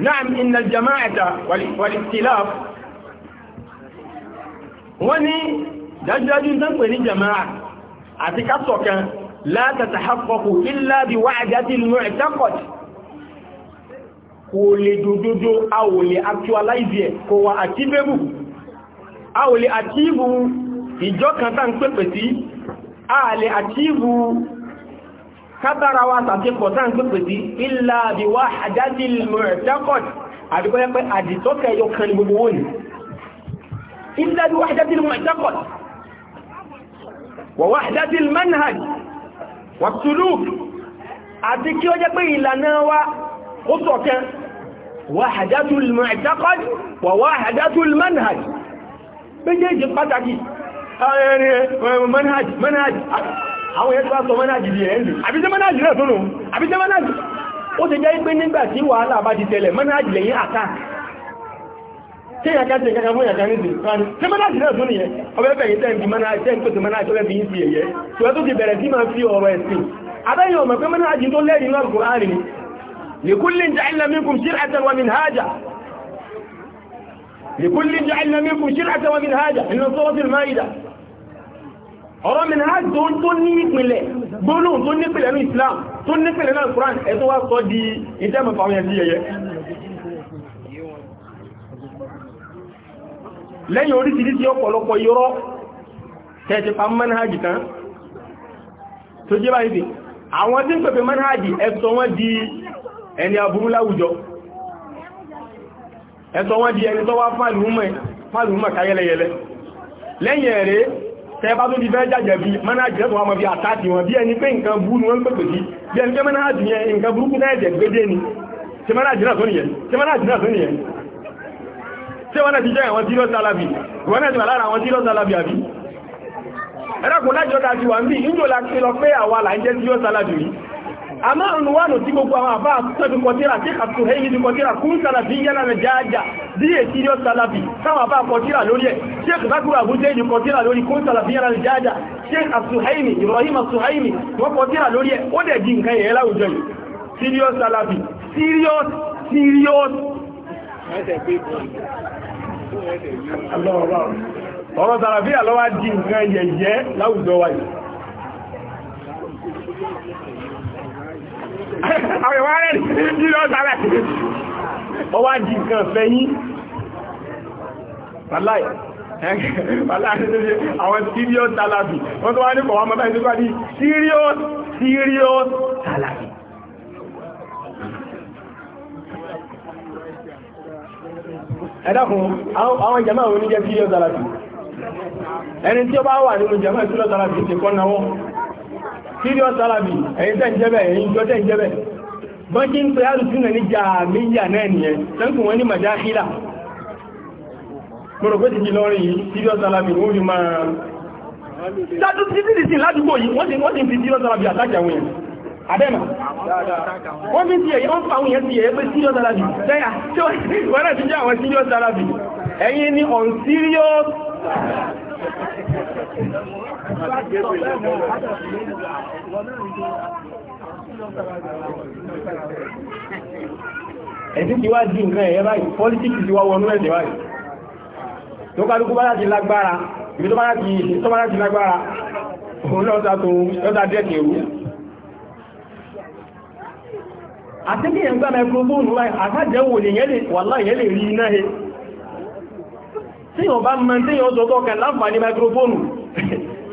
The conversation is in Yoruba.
نعم إن الجماعة والاختلاف وني دجاج تنقل الجماعة أتكسك لا تتحقق إلا بوعدة المعتقد kò lè dòdòdó a ò actualize ẹ̀ kò wà achievable a ò lè achieve ìjọ kan tá ń pẹ̀pẹ̀ sí a lè achieve kábára wa sàtíkọ̀ sáà ń pèpè sí ilá àbíwá àjájí mọ̀rẹ̀tẹ́kọ̀t àbíkọ́yẹ́ pé àdìtọ́kẹ̀ yóò kan ní gbogbo wọ́n ilá àbíwá àjájí mọ̀rẹ̀tẹ́kọ̀t wọ̀wá àjájí manhaj wàtúlù àti kí ó jẹ́ pé ìlànà wa ó àwọn ẹgbẹ́ sọ mẹ́nàjì di ẹ̀ẹ́lù àbíjẹ́ mẹ́nàjì rẹ̀ tó nù àbíjẹ́ mẹ́nàjì ó ti jẹ́ pé nígbà tí wàhálà bá ti tẹ̀lẹ̀ mẹ́nàjì lẹ́yìn àtàk tí èyàn ká ti ẹ̀kẹ́kẹ́ fún ìyàkẹ́ ní ti mẹ́nàjì rẹ̀ tó nìyẹn ọbẹ̀ bẹ̀yìn tẹ́ ti mẹ́nàjì tẹ́ tó ti mẹ́nàjì tọ́lẹ̀ fi yí sí ẹ̀yẹ tó ẹ tó ti bẹ̀rẹ̀ sí máa fi ọ̀rọ̀ ẹ̀sìn abẹ́yìn ọmọ pé mẹ́nàjì tó lẹ́rìí náà kò ọ̀rọ̀ mi náà tó tó ní ìpìlẹ̀ gbóòlùn tó nípìlẹ̀ ní Islam tó nípìlẹ̀ náà Quran ẹ tó wá sọ di ìtẹ́mọ̀ fàwọn ẹ̀sí ẹ̀yẹ lẹ́yìn oríṣiríṣi ọ̀pọ̀lọpọ̀ irọ́ tẹ́ẹ̀tì pa manhajì tán tó jẹ́ báyìí àwọn tí ń pẹ̀pẹ̀ manhajì ẹ̀sọ wọ́n di ẹni aburú láwùjọ ẹ̀sọ wọ́n di ẹni tó wá fàlùmọ̀ káyẹlẹyẹlẹ lẹ́yìn ẹ̀rẹ́ tẹ́ẹ̀bá tó ti fẹ́ jàjẹ̀ bí mẹ́nájì lẹ́tọ̀ bí àtàkì wọn bí ẹni pé nǹkan bú ni wọ́n pèpè sí bí ẹni pé mẹ́nájì yẹn nǹkan burúkú náà ẹ̀jẹ̀ gbédé ni ṣe mẹ́nájì náà tó nìyẹn ṣe mẹ́nájì náà tó nìyẹn ṣe wọ́n ti jẹ́ àwọn tí lọ́sí alábì wọ́n náà ti wà lára àwọn tí lọ́sí alábì àbí ẹ̀rọ̀kùn lájọ́ ta ti la ti lọ àmọ́ ọ̀nùwánù tí gbogbo àwọn àbá àtúntọ́bí kọtíra tí àtúhẹ́ yìí kọtíra kún sàlàbí yẹ́nà rẹ̀ jáájá bí è sí yóò sàlàbí táwọn àbá kọtíra lórí ẹ̀ tí è kìtàkùrù àbújẹ́ yìí kọtíra lórí kún sàlàbí yẹ́nà rẹ̀ jáájá tí àtúhẹ́yìnì Ibrahim àtúhẹ́yìnì wọ́n kọtíra lórí ẹ̀ ó dẹ̀ di nǹkan yẹn láwùjọ yìí serious sàlàbí serious serious ọ̀rọ̀ sàlàbí àlọ́wà di nǹkan yẹ̀yẹ́ láwùjọ wa yìí àwẹ̀wà rẹ̀ ní lọ́sàrẹ̀ ó wá jí nǹkan fẹ́ yí pàláì àwọn serious talabi wọ́n tó wá ní kọ̀wọ́ mọ́bá ìsìnkú àti serious serious talabi ẹ̀dàkùn àwọn jẹ́mọ́ àwọn oníjẹ́ serious talabi ẹni tí ó bá wà nínú jẹ́mọ́ serious talabi ti kọ́ náwọ́ serious salami ẹ̀yìn tẹ́ ń jẹ́bẹ̀ ẹ̀yìn jọ tẹ́ ń jẹ́bẹ̀ wọ́n kí ń pẹ́ alùsùnà ní jàmíyà náà nìyẹn tẹ́kù wọ́n ní màjáhílà mọ̀rọ̀ pé ti jí lọ́rin yìí serious salami ó rí máa dájú sí sí sí ládùúgbò yìí wọ́n ti wọ́n ti fi serious salami àtàkì àwọn yẹn àbẹ́mà wọ́n fi ti ẹ̀yẹ́ wọ́n fa àwọn yẹn ti ẹ̀yẹ́ pé serious salami tẹ́yà tí wọ́n náà ti jẹ́ àwọn serious salami ẹ̀yìn ni ẹ̀sìn ti wá di nǹkan ẹ̀yẹ báyìí pọ́lítíkì ti wá wọnú ẹ̀sẹ̀ báyìí tó kálukú bá láti lágbára ibi tó bá láti lágbára òun náà sàtò lọ́ta dẹ́kẹ̀ ewu àti kí ẹ̀gbá mẹ́kúrúfóònù láì àtàjẹ́wò lè yẹ́lẹ̀ wàlá yẹ́lẹ̀ rí iná he tí yọ bá mẹ́ tí yọ sọ́tọ́ kẹ láǹfààní mẹ́kúrúfóònù